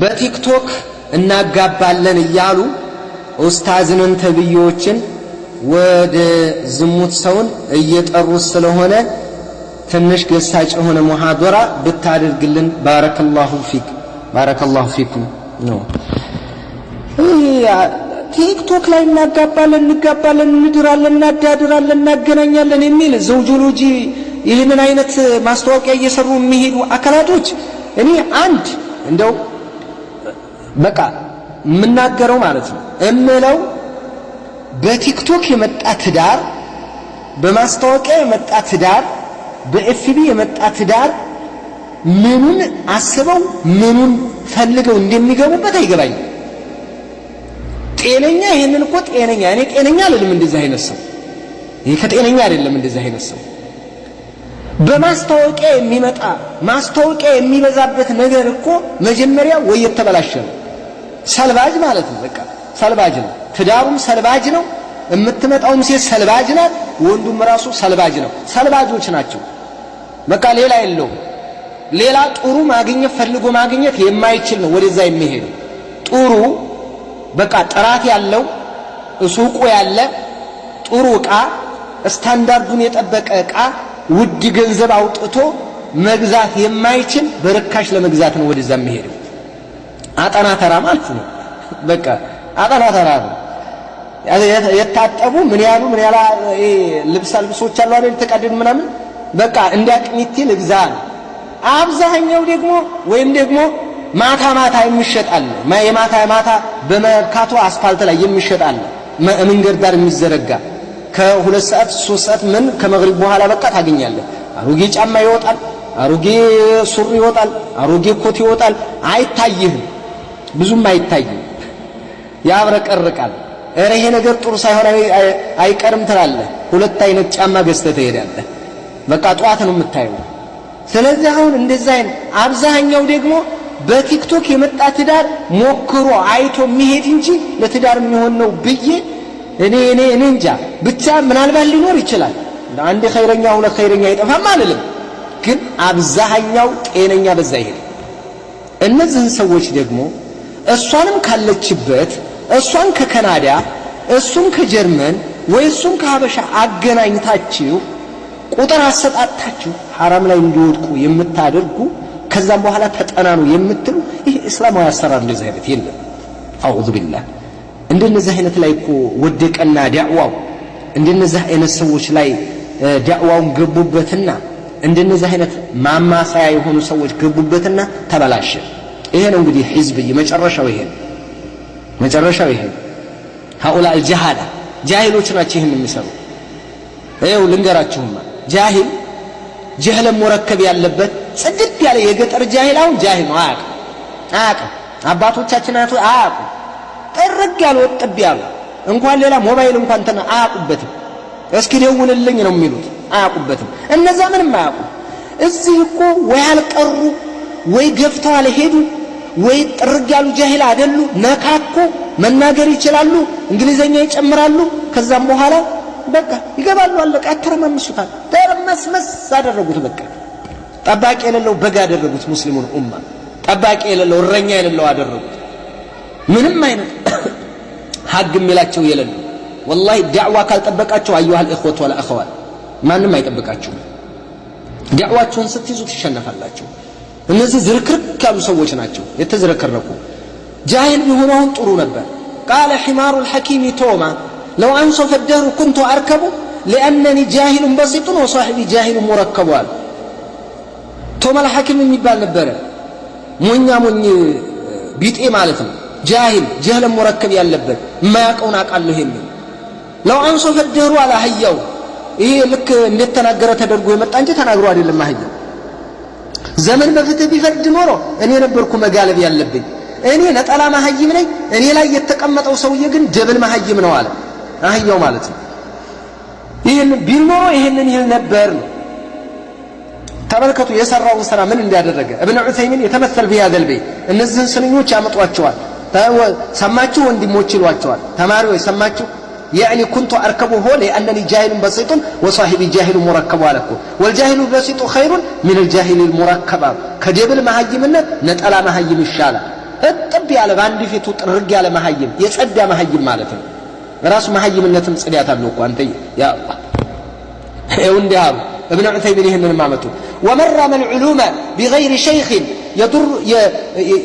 በቲክቶክ እናጋባለን እያሉ ኡስታዝንን ተብዬዎችን ወደ ዝሙት ሰውን እየጠሩት ስለሆነ ትንሽ ገሳጭ የሆነ ሙሐዶራ ብታደርግልን ባረከላሁ ፊክ ባረከላሁ ፊኩም ነው። ቲክቶክ ላይ እናጋባለን፣ እንጋባለን፣ እንድራለን፣ እናዳድራለን፣ እናገናኛለን የሚል ዘውጆሎጂ ይህንን አይነት ማስታወቂያ እየሰሩ የሚሄዱ አካላቶች እኔ አንድ እንደው በቃ የምናገረው ማለት ነው እምለው በቲክቶክ የመጣ ትዳር፣ በማስታወቂያ የመጣ ትዳር፣ በኤፍቢ የመጣ ትዳር ምኑን አስበው ምኑን ፈልገው እንደሚገቡበት አይገባኝም። ጤነኛ ይህንን እኮ ጤነኛ እኔ ጤነኛ አይደለም እንደዚህ አይነት ሰው ይህ ከጤነኛ አይደለም እንደዚህ አይነት ሰው በማስታወቂያ የሚመጣ ማስታወቂያ የሚበዛበት ነገር እኮ መጀመሪያ ወይ የተበላሸ ነው ሰልባጅ ማለት ነው። በቃ ሰልባጅ ነው። ትዳሩም ሰልባጅ ነው። የምትመጣውም ሴት ሰልባጅ ናት። ወንዱም ራሱ ሰልባጅ ነው። ሰልባጆች ናቸው። በቃ ሌላ የለውም። ሌላ ጥሩ ማግኘት ፈልጎ ማግኘት የማይችል ነው ወደዛ የሚሄዱ ጥሩ በቃ ጥራት ያለው ሱቁ ያለ ጥሩ ዕቃ ስታንዳርዱን የጠበቀ ዕቃ ውድ ገንዘብ አውጥቶ መግዛት የማይችል በርካሽ ለመግዛት ነው ወደዛ የሚሄደው። አጠና ተራ ማለት ነው። በቃ አጠና ተራ ነው። የታጠቡ ምን ያሉ ምን ያላ ልብስ አልብሶች አሉ አይደል? የተቀደዱ ምናምን በቃ እንዲያቅሚት ልግዛ አብዛኛው ደግሞ ወይም ደግሞ ማታ ማታ የሚሸጣል የማታ ማታ በመርካቶ አስፋልት ላይ የሚሸጣል መንገድ ዳር የሚዘረጋ ከሁለት ሰዓት ሶስት ሰዓት ምን ከመግሪብ በኋላ በቃ ታገኛለህ። አሮጌ ጫማ ይወጣል፣ አሮጌ ሱሪ ይወጣል፣ አሮጌ ኮት ይወጣል። አይታይህም። ብዙም አይታይም፣ ያብረቀርቃል። እረ ይሄ ነገር ጥሩ ሳይሆን አይቀርም ትላለህ። ሁለት አይነት ጫማ ገዝተህ ትሄዳለህ። በቃ ጠዋት ነው የምታየው። ስለዚህ አሁን እንደዛ አይነት አብዛኛው ደግሞ በቲክቶክ የመጣ ትዳር ሞክሮ አይቶ የሚሄድ እንጂ ለትዳር የሚሆን ነው ብዬ እኔ እኔ እኔ እንጃ ብቻ ምናልባት ሊኖር ይችላል። አንድ ኸይረኛ ሁለት ኸይረኛ አይጠፋም አልልም፣ ግን አብዛኛው ጤነኛ በዛ ይሄድ። እነዚህን ሰዎች ደግሞ እሷንም ካለችበት እሷን ከካናዳ እሱን ከጀርመን ወይ እሱን ከሀበሻ አገናኝታችሁ ቁጥር አሰጣጣችሁ ሐራም ላይ እንዲወድቁ የምታደርጉ ከዛም በኋላ ተጠናኑ የምትሉ ይህ እስላማዊ አሰራር እንደዚህ አይነት የለም። አዑዙ ቢላህ። እንደነዚህ አይነት ላይ እኮ ወደቀና ዳዕዋው እንደነዚህ አይነት ሰዎች ላይ ዳዕዋውን ገቡበትና እንደነዚህ አይነት ማማሳያ የሆኑ ሰዎች ገቡበትና ተበላሸ። ይሄ ነው እንግዲህ ሒዝብይ መጨረሻው ይሄ ነው መጨረሻው ይሄ ነው። አልጀሃላ ጃሂሎች ናቸው ይህን የሚሰሩ። ይኸው ልንገራችሁማ ጃሂል ጀህለ ሙረከብ ያለበት ጽድት ያለ የገጠር ጃሂል አሁን ጃሂል ነው። አያውቅም አያውቅም። አባቶቻችን አያቶ አያውቁም። ጥርግ ያሉ ወጥብ ያሉ እንኳን ሌላ ሞባይል እንኳን እንትን አያውቁበትም። እስኪ ደውልልኝ ነው የሚሉት። አያውቁበትም። እነዛ ምንም አያውቁም። እዚህ እኮ ወይ አልቀሩ ወይ ገፍተው አልሄዱ ወይ ጥርግ ያሉ ጃሂል አይደሉ፣ ነካኩ፣ መናገር ይችላሉ፣ እንግሊዘኛ ይጨምራሉ። ከዛም በኋላ በቃ ይገባሉ፣ አለቀ። አተረማምሱታል፣ ተርመስመስ አደረጉት። በቃ ጠባቂ የሌለው በግ አደረጉት። ሙስሊሙን ኡማ ጠባቂ የሌለው እረኛ የሌለው አደረጉት። ምንም አይነት ሀግ የሚላቸው የሌለው ወላሂ ዳዕዋ ካልጠበቃቸው አዩሃል እኽወት ወላ አኸዋል ማንም አይጠብቃችሁም። ዳዕዋችሁን ስትይዙ ትሸነፋላችሁ። እነዚህ ዝርክርክ ያሉ ሰዎች ናቸው የተዝረከረኩ። ጃሂል ቢሆኑ አሁን ጥሩ ነበር። ቃለ ሒማሩ ልሐኪሚ ቶማ ለው አንሶፈ ደህሩ ኩንቱ አርከቡ ሊአነኒ ጃሂሉን በሲጡን ወሳሒቢ ጃሂሉን ሙረከቡ አሉ። ቶማ ልሐኪም የሚባል ነበረ፣ ሞኛ ሞኝ ቢጤ ማለት ነው። ጃሂል ጀህለን ሙረከብ ያለበት የማያውቀውን አውቃለሁ የሚል ለው አንሶፈ ደህሩ አለ አህያው። ይሄ ልክ እንደተናገረ ተደርጎ የመጣ እንጂ ተናግሮ አይደለም አህያው ዘመን በፍትህ ቢፈርድ ኖሮ እኔ ነበርኩ መጋለብ ያለብኝ። እኔ ነጠላ መሀይም ነኝ። እኔ ላይ የተቀመጠው ሰውዬ ግን ደብል መሀይም ነው አለ። አህያው ማለት ነው። ይህን ቢል ኖሮ ይህንን ይል ነበር ነው። ተመልከቱ የሰራውን ስራ ምን እንዳደረገ እብን ዑሰይሚን የተመሰል ብያዘል ቤት እነዚህን ስንኞች ያመጧቸዋል። ሰማችሁ ወንድሞች ይሏቸዋል። ተማሪዎች ሰማችሁ ያዕኒ ኩንቱ አርከቡ ሆ ሊአነኒ ጃሂሉን በሲጡን ወሳሂቢ ጃሂሉን ሙረከቡ አለ ወልጃሂሉ በሲጡ ኸይሩን ሚነል ጃሂሊል ሙረከባ ከደብል መሀይምነት ነጠላ መሀይም ይሻላል። እጥብ ያለ በአንድ ፊቱ ጥርግ ያለ መሀይም የጸዳ መሀይም ማለት ነው። ራሱ መሀይምነትም ጽዳት አለው እኮ አንተ ያ አላህ ይኸው እንዲህ አሉ ابن عثيمين من معمته ومن رمى العلوم بغير شيخ يضر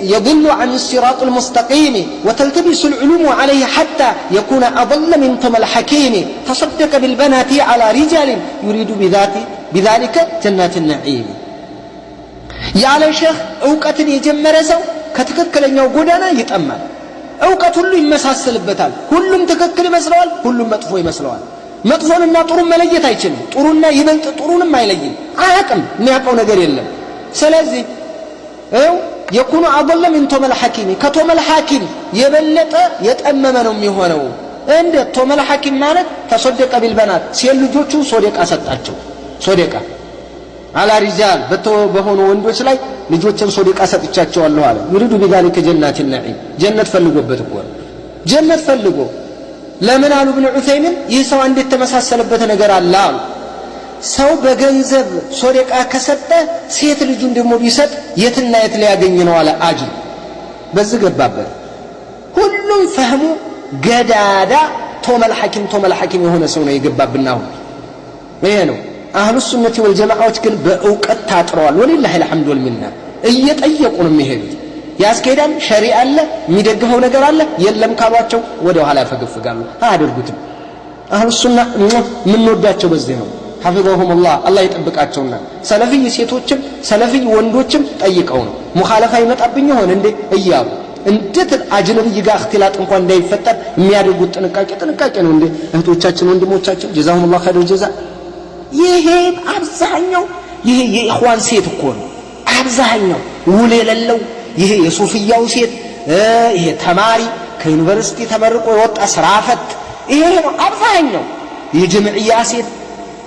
يضل عن الصراط المستقيم وتلتبس العلوم عليه حتى يكون أضل من طم الحكيم تصدق بالبنات على رجال يريد بذات بذلك جنات النعيم ያለ شيخ እውቀትን የጀመረ ሰው ከትክክለኛው ጎዳና ይጠማል እውቀት ሁሉ ይመሳሰልበታል ሁሉም ትክክል ይመስለዋል ሁሉም مطفو ይመስለዋል መጥፎንና ጥሩን መለየት አይችልም። ጥሩና ይበልጥ ጥሩንም አይለይም፣ አያቅም፣ የሚያውቀው ነገር የለም። ስለዚህ ይኸው የኩኑ አበለ ሚን ቶመል ሐኪሚ ከቶመል ሐኪም የበለጠ የጠመመ ነው የሚሆነው። እንደ ቶመል ሐኪም ማለት ተሶደቀ ቢልበናት ሴት ልጆቹ ሶደቃ ሰጣቸው። ሶደቃ አላ በሆኑ ወንዶች ላይ ልጆችን ሶደቃ ሰጥቻቸዋለሁ አለ። ዩሪዱ ቢዛሊከ ጀናቲን ነዒም ጀነት ፈልጎበት እኮ ጀነት ፈልጎ ለምን አሉ ብን ዑሰይምን ይህ ሰው አንድ ተመሳሰለበት ነገር አለ አሉ። ሰው በገንዘብ ሶደቃ ከሰጠ ሴት ልጁን ደግሞ ቢሰጥ የትና የት ሊያገኝ ነው አለ አጅ በዚህ ገባበት። ሁሉም ፈህሙ ገዳዳ ቶመል ሐኪም ቶመል ሐኪም የሆነ ሰው ነው የገባብን። አሁን ይሄ ነው አህሉ ሱነቲ ወልጀማዓዎች ግን በእውቀት ታጥረዋል። ወሊላህ ልሐምድ ወልሚና እየጠየቁ ነው የሚሄዱት ያስኬዳል። ሸሪ አለ፣ የሚደግፈው ነገር አለ። የለም ካሏቸው ወደ ኋላ ያፈገፍጋሉ፣ አያደርጉትም። አህሉ ሱና የምንወዳቸው በዚህ ነው። ሐፊዘሁም ላህ አላህ ይጠብቃቸውና ሰለፊይ ሴቶችም ሰለፊይ ወንዶችም ጠይቀው ነው ሙኻለፋ ይመጣብኝ ይሆን እንዴ እያሉ እንዴት አጅነብይ ጋር እክትላጥ እንኳን እንዳይፈጠር የሚያደርጉት ጥንቃቄ ጥንቃቄ ነው እንዴ እህቶቻችን ወንድሞቻችን ጀዛሁም ላ ኸይር ጀዛ ይሄ አብዛኛው ይሄ የኢኽዋን ሴት እኮ ነው አብዛኛው ውል የሌለው ይሄ የሱፍያው ሴት ይሄ ተማሪ ከዩኒቨርሲቲ ተመርቆ የወጣ ስራ ፈት ይሄ ነው አብዛኛው የጀምዕያ ሴት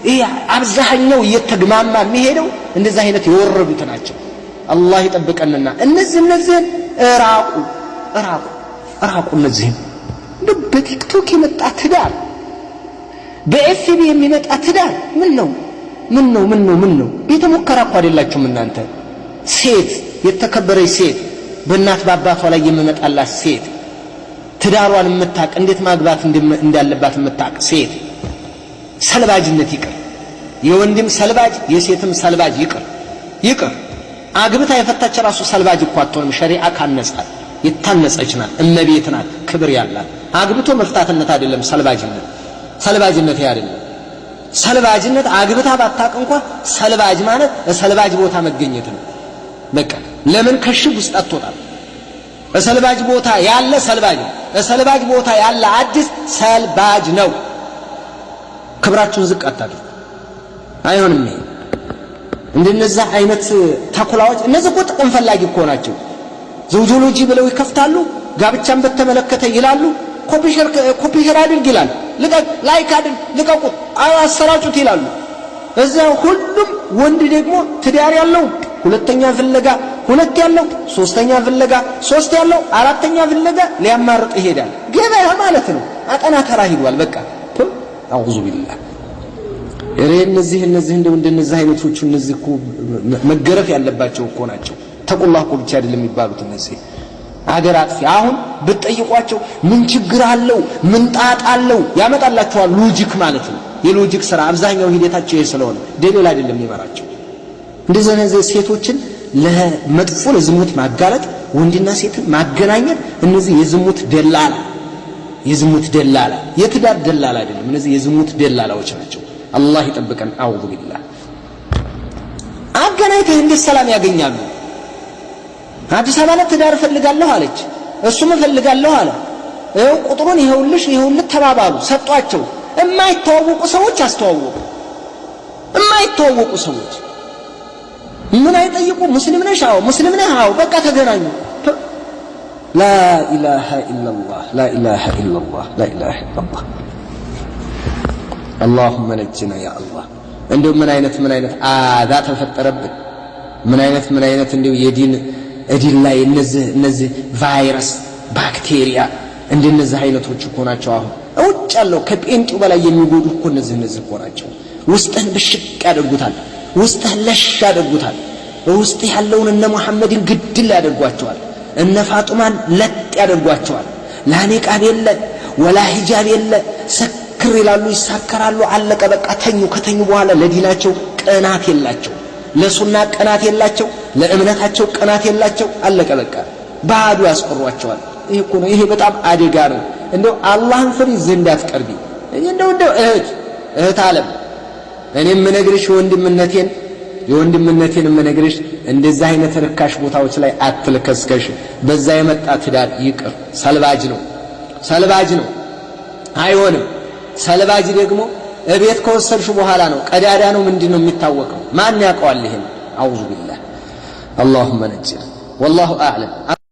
ይሄ አብዛኛው እየተግማማ የሚሄደው እንደዚህ አይነት የወረዱት ናቸው። አላህ ይጠብቀንና እነዚህ እነዚህን እራቁ እራቁ እራቁ። እንደ በቲክቶክ የመጣ ትዳር፣ በኤፍቢ የሚመጣ ትዳር ምን ነው ምን ነው ምን ነው ምን ነው? ቤተ ሙከራ እኮ አይደላችሁም እናንተ ሴት የተከበረች ሴት በእናት በአባቷ ላይ የምመጣላት ሴት ትዳሯን የምታቅ እንዴት ማግባት እንዳለባት የምታቅ ሴት ሰልባጅነት ይቅር። የወንድም ሰልባጅ የሴትም ሰልባጅ ይቅር ይቅር። አግብታ የፈታች ራሱ ሰልባጅ እኮ አትሆንም። ሸሪዓ ካነጻት የታነጸች ናት፣ እመቤት ናት፣ ክብር ያላት። አግብቶ መፍታትነት አይደለም ሰልባጅነት፣ ሰልባጅነት አይደለም ሰልባጅነት። አግብታ ባታቅ እንኳ ሰልባጅ ማለት ሰልባጅ ቦታ መገኘት ነው በቃ። ለምን ከሽብ ውስጥ አትወጣም? በሰልባጅ ቦታ ያለ ሰልባጅ ነው። በሰልባጅ ቦታ ያለ አዲስ ሰልባጅ ነው። ክብራችሁን ዝቅ አታድርጉ። አይሆንም። ይሄ እንደነዚህ አይነት ተኩላዎች፣ እነዚህ ቁጥ ጥቅም ፈላጊ እኮ ናቸው። ዘውጆሎጂ ብለው ይከፍታሉ። ጋብቻን በተመለከተ ይላሉ። ኮፒ ኮፒሽር አድርግ ይላል። ላይክ አድርግ፣ ልቀቁት፣ አሰራጩት ይላሉ። እዚያ ሁሉም ወንድ ደግሞ ትዳር ያለው ሁለተኛ ፍለጋ ሁለት ያለው ሶስተኛ ፍለጋ፣ ሶስት ያለው አራተኛ ፍለጋ ሊያማርጥ ይሄዳል። ገበያ ማለት ነው። አጠና ተራ ሂዷል። በቃ አውዙ ቢላ ሬ እነዚህ እነዚህ እንደው እንደነዚህ አይነቶቹ እነዚህ እኮ መገረፍ ያለባቸው እኮ ናቸው። ተቁላህ እኮ ብቻ አይደለም የሚባሉት እነዚህ አገር አጥፊ። አሁን ብትጠይቋቸው ምን ችግር አለው ምን ጣጣ አለው ያመጣላችኋል። ሎጂክ ማለት ነው። የሎጂክ ስራ አብዛኛው ሂደታቸው ይሄ ስለሆነ ደሌላ አይደለም የሚመራቸው እንደዚህ ሴቶችን ለመጥፎ ለዝሙት ማጋለጥ፣ ወንድና ሴትን ማገናኘት፣ እነዚህ የዝሙት ደላላ የዝሙት ደላላ የትዳር ደላላ አይደለም። እነዚህ የዝሙት ደላላዎች ናቸው። አላህ ይጠብቀን። አውዙ ቢላህ። አገናኝተህ እንዴት ሰላም ያገኛሉ? አዲስ አበባ ላይ ትዳር እፈልጋለሁ አለች፣ እሱም እፈልጋለሁ አለ። ይኸው ቁጥሩን ይኸውልሽ፣ ይኸውልህ ተባባሉ፣ ሰጧቸው። እማይተዋወቁ ሰዎች አስተዋወቁ። እማይተዋወቁ ሰዎች ምን አይጠይቁ። ሙስሊም ነሽ? አዎ። ሙስሊም ነህ? አዎ። በቃ ተገናኙ። ላኢላሃ ኢለላህ ላኢላሃ ኢለላህ ላኢላሃ አላሁመ ነጅና ያ አላህ። እንዲሁ ምን አይነት ምን አይነት አዛ ተፈጠረብን? ምን አይነት ምን አይነት እንዲሁ የዲን እዲን ላይ እነዚህ እነዚህ ቫይረስ ባክቴሪያ እንደነዚህ አይነቶች እኮ ናቸው። አሁን ውጭ ያለው ከጴንጤው በላይ የሚጎዱ እኮ እነዚህ እነዚህ እኮ ናቸው። ውስጥህን ብሽቅ ያደርጉታል። ውስጥህ ለሽ ያደርጉታል። በውስጥህ ያለውን እነ ሙሐመድን ግድል ያደርጓቸዋል። እነ ፋጡማን ለጥ ያደርጓቸዋል። ላኔ ቃብ የለ ወላ ሂጃብ የለ ሰክር ይላሉ፣ ይሳከራሉ። አለቀ በቃ ተኙ። ከተኙ በኋላ ለዲናቸው ቅናት የላቸው፣ ለሱና ቅናት የላቸው፣ ለእምነታቸው ቅናት የላቸው። አለቀ በቃ ባዶ ያስቆሯቸዋል። ይሄ እኮ ነው። ይሄ በጣም አደጋ ነው። እንደው አላህን ፍሪ ዘንድ አትቀርቢ። እንደው እንደው እህት እህት አለም እኔም የምነግርሽ የወንድምነቴን የወንድምነቴን የምነግርሽ እንደዛ አይነት ርካሽ ቦታዎች ላይ አትልከስከሽ። በዛ የመጣ ትዳር ይቅር፣ ሰልባጅ ነው፣ ሰልባጅ ነው፣ አይሆንም። ሰልባጅ ደግሞ እቤት ከወሰድሽ በኋላ ነው፣ ቀዳዳ ነው፣ ምንድን ነው የሚታወቀው? ማን ያውቀዋል ይሄን? አውዙ ቢላህ አላሁመ ነጅር ወላሁ አዕለም።